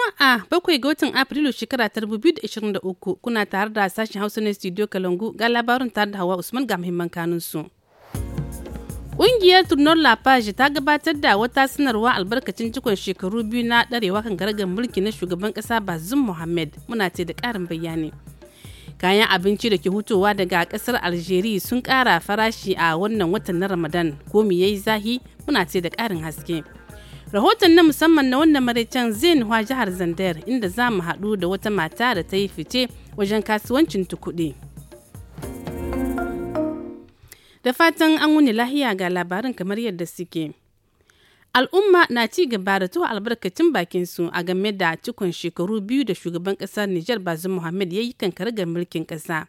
Juma'a bakwai ga watan Afrilu shekara ta 2023 kuna tare da sashen Hausa na Studio Kalangu ga labarin tare da Hawa Usman ga muhimman kanun su. Ƙungiyar la page ta gabatar da wata sanarwa albarkacin cikon shekaru biyu na ɗarewa kan garagar mulki na shugaban ƙasa Bazum Mohammed muna ce da ƙarin bayani. Kayan abinci da ke hutowa daga ƙasar Algeria sun ƙara farashi a wannan watan na Ramadan ko me yayi zahi muna ce da ƙarin haske. rahoton na musamman na wannan maraicen zai a jihar zandar inda za mu haɗu da wata mata da ta yi fice wajen kasuwancin tukuɗe da fatan an wuni lahiya ga labarin kamar yadda suke al'umma na ci gaba da tuwa albarkacin bakin su a game da cikon shekaru biyu da shugaban kasar Nijar Bazum Muhammad ya yi ga mulkin kasa.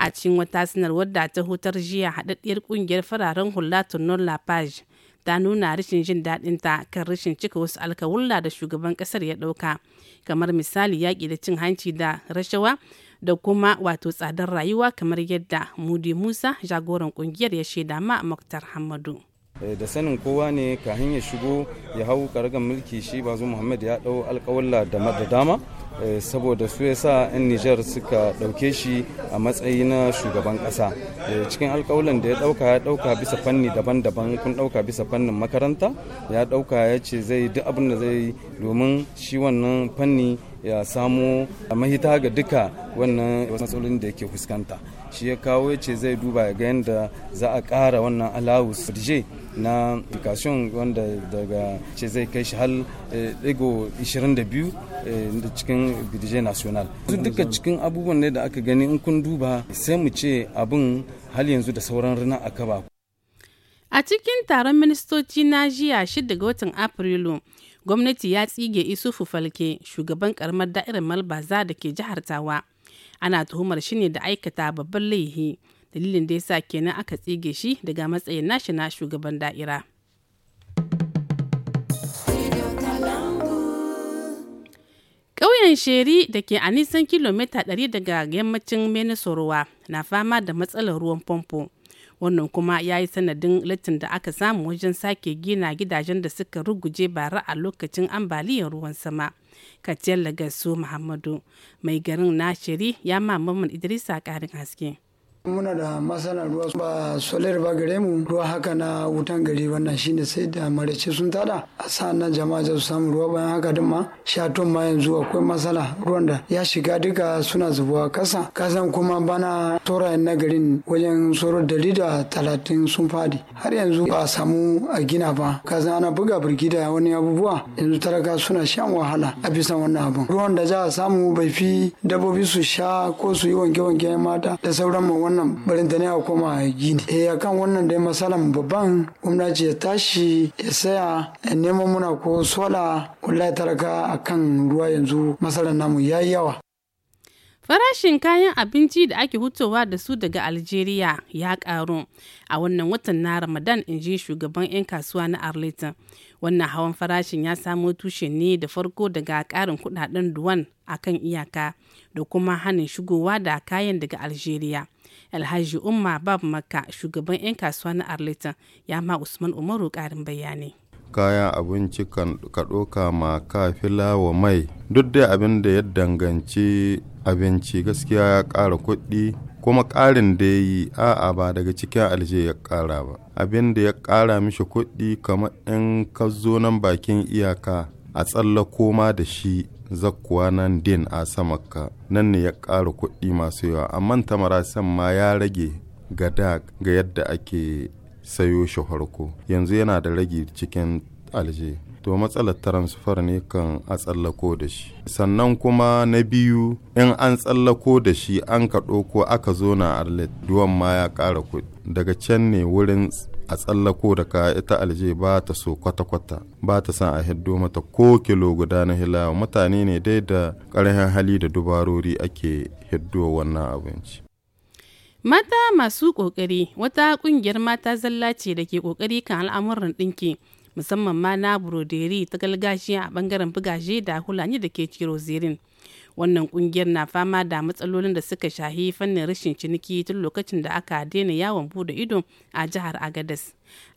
A cikin wata sanarwar da ta hutar jiya haɗaɗɗiyar ƙungiyar fararen hula Tonon lafage ta nuna rashin jin daɗin ta kan rashin cika wasu alkawulla da shugaban ƙasar ya ɗauka kamar misali yaƙi da cin hanci da rashawa da kuma wato tsadar rayuwa kamar yadda mudi musa jagoran ƙungiyar ya shaida ma maktar hamadu eh, da sanin kowa ne ka hanyar shigo ya hau karagar mulki shi bazu muhammad ya ɗau alkawalla da dama Eh, saboda su ya sa 'yan nijar suka ɗauke shi a matsayi na shugaban ƙasa eh, cikin alkawalin da ya ɗauka ya ɗauka bisa fanni daban-daban kun ɗauka bisa fannin makaranta ya ɗauka ya ce zai duk abin da zai domin shi wannan fanni ya samo mahita ga duka wannan matsalolin da yake fuskanta shi ya kawo ya ce zai duba ga yadda za a ƙara wannan alawus dije na education wanda daga ce zai kai shi hal eh, ɗigo 22 eh, da cikin bidije national su duka cikin abubuwan ne da aka gani in kun duba sai mu ce abin hal yanzu da sauran rina a kaba a cikin taron ministoci na jiya 6 ga watan afrilu gwamnati ya tsige isufu falke shugaban karamar da'irar malbaza da ke jihar tawa ana tuhumar shi ne da aikata babban laihi dalilin da ya sa kenan aka tsige shi daga matsayin nashi na shugaban da'ira ƙauyen sheri da ke a nisan kilomita 100 daga yammacin menisorowa na fama da matsalar ruwan famfo wannan kuma ya yi sanadin littin da aka samu wajen sake gina gidajen da suka ruguje bara a lokacin ambaliyar ruwan sama. katiyar lagasu muhammadu mai garin na ya mamamin idrisa karin haske muna da masana ruwa ba solar ba gare mu ruwa haka na wutan gari wannan shine sai da marace sun tada a sa'an nan jama'a za su samu ruwa bayan haka din ma shaton ma yanzu akwai masala ruwan da ya shiga duka suna zubuwa kasa kasan kuma bana tora na garin wajen soro dari da talatin sun fadi har yanzu ba samu a gina ba kasan ana buga birgida wani abubuwa yanzu talaka suna shan wahala a bisa wannan abun ruwan da za a samu bai fi dabbobi su sha ko su yi wanke-wanke mata da sauran ma wannan wannan barin da ne a koma gini eh akan wannan dai masalan babban gwamnati ya tashi ya saya ya nemo muna ko sola wallahi talaka akan ruwa yanzu masalan namu yayi yawa Farashin kayan abinci da ake hutowa da su daga Algeria ya karu a wannan watan na Ramadan in ji shugaban 'yan kasuwa na Arlington. Wannan hawan farashin ya samo tushe ne da farko daga karin kudaden duwan a kan iyaka da kuma hanin shigowa da kayan daga Algeria. alhaji umma babu makka shugaban 'yan kasuwa na arlington ya ma usman umaru karin bayani kaya abinci kan ma kafila wa mai duk dai abin da ya danganci abinci gaskiya ya ƙara kuɗi kuma ƙarin da ya yi a'a ba daga cikin alje ya ƙara ba abin da ya ƙara mishi kuɗi kamar in ka zo nan bakin iyaka a tsallako ma da shi zakkuwa nan din a samakka nan ne ya ƙara kuɗi masu yawa amma marasan ma ya rage ga da ga yadda ake sayo shi farko yanzu yana da rage cikin alje to matsalar transfer ne kan a tsallako da shi sannan kuma na biyu in an tsallako da shi an kaɗo ko aka zo na arlet duwan ma ya ƙara kuɗi daga can ne wurin a tsallako da ka ita alje ba ta so kwata-kwata ba ta san a hiddo mata ko kilo guda na hilawa mutane ne dai da ƙarfin hali da dubarori ake hiddo wannan abinci mata masu kokari wata kungiyar mata zalla ce da ke kokari kan al'amuran ɗinki musamman ma na buroderi ta galgashi a bangaren bugaje da hulani da ke ciro zirin wannan kungiyar na fama da matsalolin da suka shahi fannin rashin ciniki tun lokacin da aka daina yawon bude ido a jihar agadas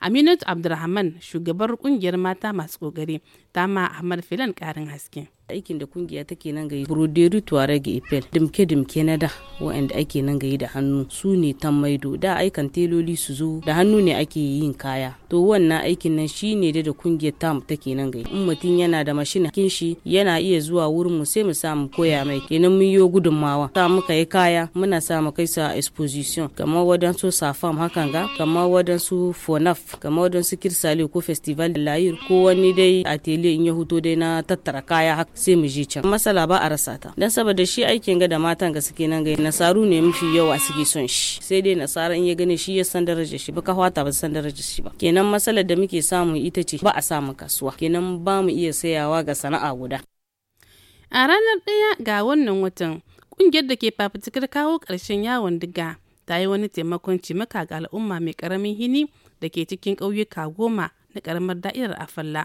aminatu abdulrahman shugabar kungiyar mata masu kokari tama ahmad filan karin haske aikin da kungiya take nan gayi broderi ga ipel dimke dimke na da waɗanda ake nan gayi da hannu su ne tan maido da aikan teloli su zo da hannu ne ake yin kaya to wannan aikin nan shine da da kungiyar tam take nan gayi in mutum yana da mashina kin shi yana iya zuwa wurin mu sai mu samu koya mai kenan mun yo gudunmawa ta muka yi kaya muna sa mu kai sa exposition kamar wadansu safam hakan ga kamar wadansu fonaf kamar wadansu kirsale ko festival da layir ko wani dai atelier in ya huto dai na tattara kaya sai mu je can masala ba a rasa ta dan saboda shi aikin ga da matan ga suke nan ga nasaru ne mafi yawa suke son shi sai dai nasara in ya gane shi ya san darajar shi ba ka hwata ba san darajar shi ba kenan masalar da muke samu ita ce ba a samu kasuwa kenan ba mu iya sayawa ga sana'a guda a ranar ɗaya ga wannan watan ƙungiyar da ke fafutukar kawo ƙarshen yawon diga ta yi wani taimakon cimaka ga al'umma mai ƙaramin hini da ke cikin ƙauyuka goma na karamar da'irar afalla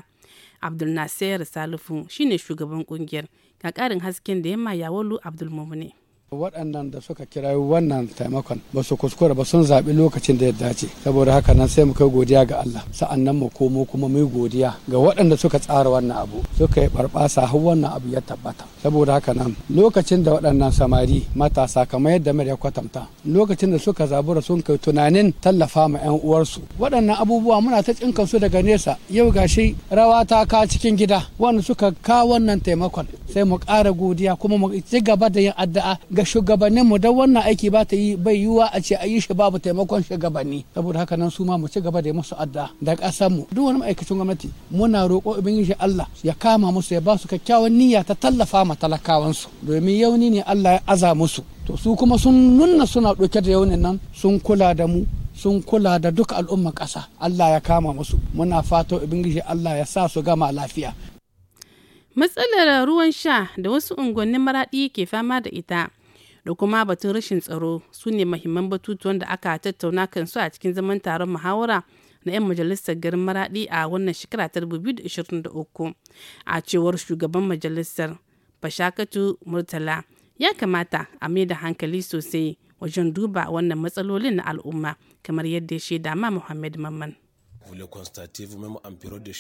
abdul nasir salifu shine shugaban kungiyar ga karin hasken da yamma yawalu abdul mumune waɗannan da suka kira wannan taimakon ba su kuskura ba sun zaɓi lokacin da ya dace saboda haka nan sai mu kai godiya ga Allah sa'annan mu komo kuma mu godiya ga waɗanda suka tsara wannan abu suka yi barbasa har wannan abu ya tabbata saboda haka nan lokacin da waɗannan samari matasa kamar yadda mai ya kwatanta lokacin da suka zabura sun kai tunanin tallafa ma 'yan uwarsu waɗannan abubuwa muna ta tsinkan su daga nesa yau gashi rawa ta ka cikin gida wanda suka ka wannan taimakon sai mu ƙara godiya kuma mu ci gaba da yin addu'a ga mu don wannan aiki ba ta yi bai yiwuwa a ce a yi shi babu taimakon shugabanni saboda haka nan su ma mu ci gaba da musu addu'a da mu duk wani ma'aikacin gwamnati muna roƙo ubangiji Allah ya kama musu ya ba su kyakkyawan niyya ta tallafa ma su domin yauni ne Allah ya aza musu to su kuma sun nuna suna ɗauke da yaunin nan sun kula da mu sun kula da duka al'umman ƙasa Allah ya kama musu muna fata ubangiji Allah ya sa su gama lafiya matsalar ruwan sha da wasu unguwannin maraɗi ke fama da ita da kuma batun rashin tsaro su ne mahimman batutuwan da aka tattauna kan su a cikin zaman taron muhawara na 'yan majalisar garin maraɗi a wannan shekara ta 2023 a cewar shugaban majalisar fashakatu murtala ya kamata a mai da hankali sosai wajen duba wannan matsalolin na al'umma kamar yadda ya shaida ma muhammad mamman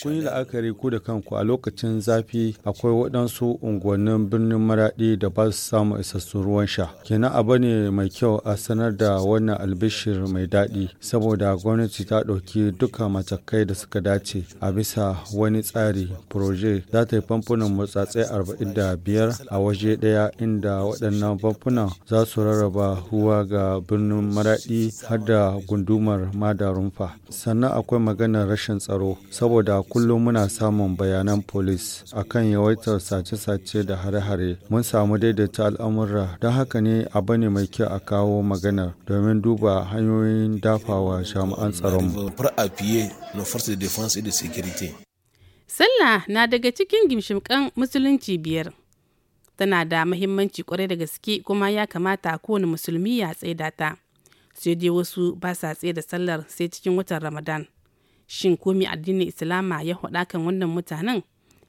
Kun yi la'akari ku da kanku a lokacin zafi akwai waɗansu unguwannin birnin maraɗi da ba su samu isassun ruwan sha. Kenan abu ne mai kyau a sanar da wannan albishir mai daɗi saboda gwamnati ta ɗauki duka matakai da suka dace a bisa wani tsari proje za ta yi famfunan da biyar a waje ɗaya inda waɗannan famfunan za su rarraba ruwa ga birnin maraɗi har da gundumar madarumfa. Sannan akwai maganar rashin tsaro saboda kullum muna samun bayanan polis kan yawaitar sace-sace da hare-hare mun samu daidaita al'amurra don haka ne a ne mai kyau a kawo maganar domin duba hanyoyin dafawa jami'an tsaron sallah na daga cikin gimshimkan musulunci biyar tana da mahimmanci kwarai da gaske kuma ya kamata kowane musulmi ya tsaida ta sai dai wasu ba sa tsaye da sallar sai cikin watan ramadan shin komi addinin islama ya haɗa kan wannan mutanen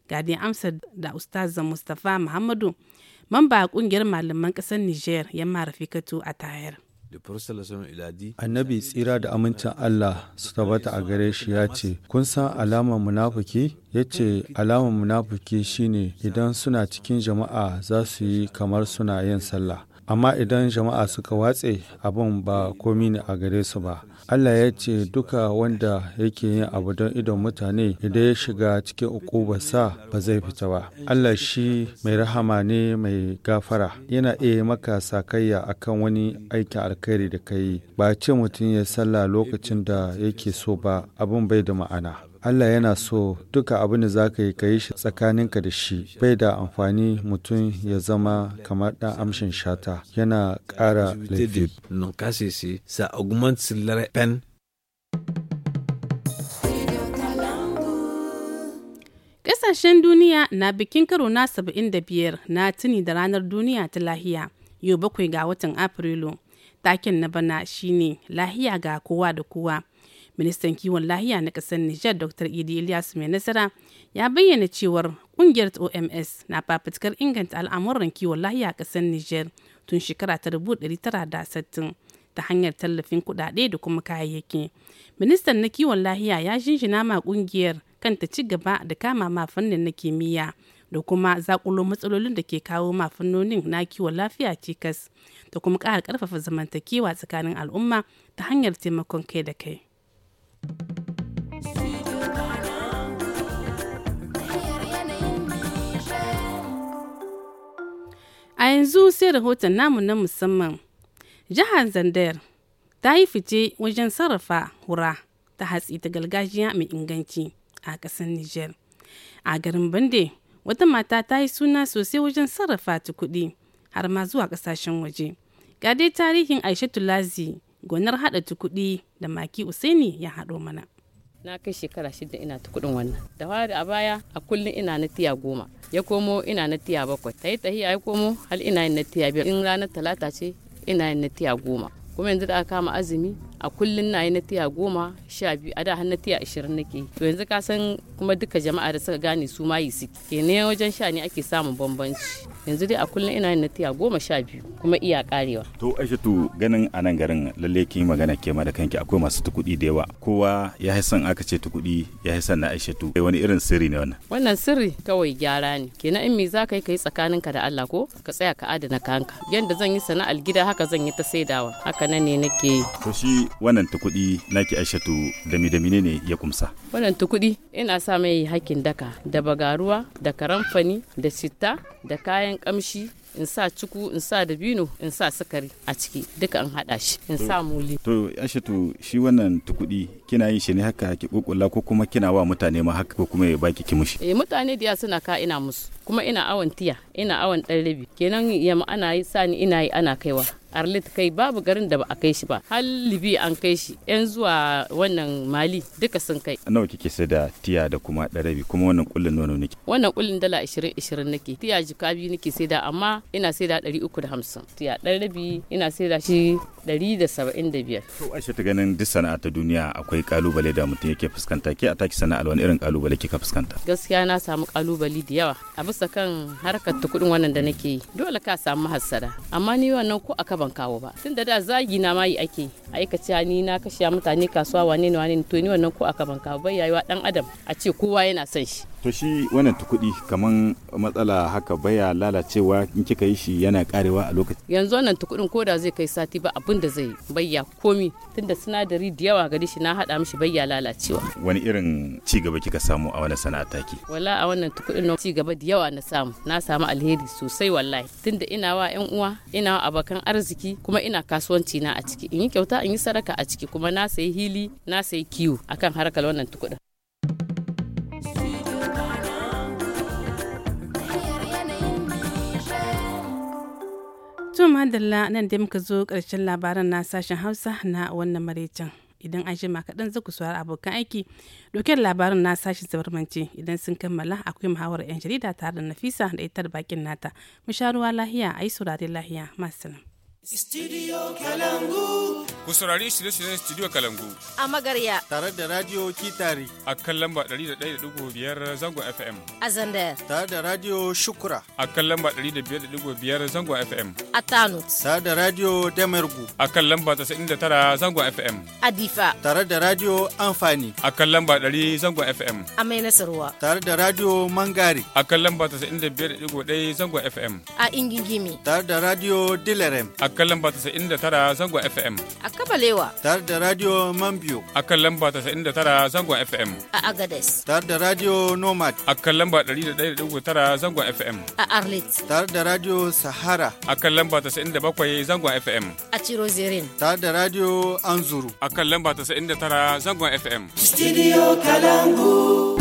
ga dai amsar da ustaz mustafa muhammadu mamba kungiyar malaman ƙasar niger yamma rafikatu a tayar Annabi tsira da amincin Allah su tabbata a gare shi ya ce, Kun san alamar munafuki Ya ce, Alamar munafuki shine idan suna cikin jama'a za su yi kamar suna yin sallah. amma idan jama'a suka watse abin ba komi ne a gare su ba allah ya ce duka wanda yake yin abu don idon mutane idan ya shiga cikin ukubarsa ba zai fita ba allah shi mai rahama ne mai gafara yana iya maka sakayya akan wani aikin alkhairi da ka yi ba ce mutum ya sallah lokacin da yake so ba abin bai da ma'ana Allah yana so duka abin da za ka yi ka yi shi tsakaninka da shi bai da amfani mutum ya zama kamar ɗan amshin shata yana ƙara laifi. Ƙasashen duniya na bikin karo na biyar na tuni da ranar duniya ta lahiya yau bakwai ga watan Afrilu. Taken na bana shine lahiya ga kowa da kowa. ministan kiwon lahiya na ƙasar nijar dr idi ilyas mai nasara ya bayyana cewar ƙungiyar oms na fafutukar inganta al'amuran kiwon lahiya a ƙasar nijar tun shekara ta 1960 ta hanyar tallafin kuɗaɗe da kuma kayayyaki ministan na kiwon lahiya ya jinjina ma ƙungiyar ta ci gaba da kama ma fannin na kimiyya da kuma zaƙulo matsalolin da ke kawo ma fannonin na kiwon lafiya cikas da kuma ƙara ƙarfafa zamantakewa tsakanin al'umma ta hanyar taimakon kai da kai. A yanzu sai rahoton namu na musamman. Jihar Zandar ta yi fice wajen sarrafa hura ta hatsi ta gargajiya mai inganci a ƙasar Nijar. A garin Bande, wata mata ta yi suna sosai wajen sarrafa ta kuɗi har ma zuwa ƙasashen waje. Ga dai tarihin Aisha Tulazi gonar haɗa tukudi da maki usaini ya hado mana na kai shekara shida ina ta kudin wannan da fari a baya a kullum ina na tiya goma ya komo ina na tiya bakwai ta yi tahiya ya komo hal ina yin na tiya biyar in ranar talata ce ina yin na tiya goma kuma yanzu da aka kama azumi a kullun na yi na tiya goma sha biyu a da har na tiya ashirin nake to yanzu ka san kuma duka jama'a da suka gane su ma yi suke ke ne wajen sha ne ake samun bambanci yanzu dai a kullun ina yin na tiya goma sha biyu kuma iya karewa to tu ganin a nan garin lalle kin magana ke ma da kanki akwai masu tukudi da yawa kowa ya yi son aka ce tukudi ya yi son na aishatu eh, wani irin sirri ne wannan wannan sirri kawai gyara ne kenan in me za ka yi ka tsakaninka da Allah ko ka tsaya ka adana kanka yanda zan yi sana'ar gida haka zan yi ta saidawa haka nan ne nake to wannan tukudi naki aishatu da midamine ne ya kumsa wannan tukudi ina sa mai hakin daka da bagaruwa da karamfani da citta da kayan kamshi in sa cuku in sa dabino in sa sukari a ciki duka an hada shi in sa muli to aishatu shi wannan tukudi kina yin shi ne haka ki kokulla ko kuma kina wa mutane ma haka ko kuma ya baki ki mushi eh mutane da suna ka ina musu kuma ina awon tiya ina awon dan rabi kenan yamma ana yi sani ina yi ana kaiwa arlit kai babu garin da ba a kai shi ba har libi an kai shi yan zuwa wannan mali duka sun kai nawa kike sai da tiya da kuma ɗarabi kuma wannan kullun nono nake wannan kullun dala 20 20 nake tiya jika biyu nake sai da amma ina sai da 350 tiya ɗarabi ina sai da shi 175 to aisha ta ganin duk sana'a ta duniya akwai kalubale da mutum yake fuskanta ke a taki sana'a wani irin kalubale kika fuskanta gaskiya na samu kalubale da yawa a bisa kan harkar ta kudin wannan da nake yi dole ka samu hasara amma ni wannan ko a ban kawo ba tun da da zagi na yi ake aikace ni na kashe mutane kasuwa wane ne wane to ni wannan ko aka ban kawo bai yayuwa dan adam a ce kowa yana son shi to shi wannan tukudi kaman matsala haka baya lalacewa in kika yi shi yana karewa a lokaci yanzu wannan tukudin koda zai kai sati ba abin da zai bayya komi tunda sinadari da yawa gari shi na haɗa mishi bayya lalacewa wani irin ci gaba kika samu a wannan sana'a taki wala a wannan tukudin na ci gaba da yawa na samu na samu alheri sosai wallahi tunda ina wa yan uwa ina wa abokan arziki kuma ina kasuwanci na a ciki in yi kyauta in yi sadaka a ciki kuma na sayi hili na sayi kiwo akan harkar wannan tukudin To madalla nan da muka zo karshen labaran na sashen Hausa na wannan maraicin. Idan an shima kaɗan zaku suwar abokan aiki dokar labaran na sashen zabarmanci idan sun kammala akwai muhawar 'yan jarida tare da Nafisa da ita da bakin nata. Mu sha ruwa lahiya a yi saurare lahiya masu salam. Studio Kalangu. Ku saurari shirye-shiryen Studio Kalangu. A magarya. Tare da Radio Kitari. A kan lamba 101.5 zangon FM. A Zandaya. Tare da Radio Shukura. A kan lamba 105.5 zangon FM. A Tano. Tare da Radio Damergu. A kan lamba 99 zangon FM. A Difa. Tare da Radio Amfani. A kan lamba 100 zangon FM. A Mai Nasarwa. Tare da Radio Mangari. A kan lamba 95.1 zangon FM. A Ingigimi. Tare da Radio Dilerem. A kan lamba 99 zangon FM. A Kabalewa. Tare da Radio Mambio. A kan lamba 99 zangon FM. A Agades. Tare da Radio Nomad. A kan lamba 101.9 zangon FM. A Arlit. Tare da Radio Sahara. A kan lamba 97 zangon FM. A Chirozirin. Tare da Radio Anzuru. A kan lamba 99 zangon FM. Studio Kalangu.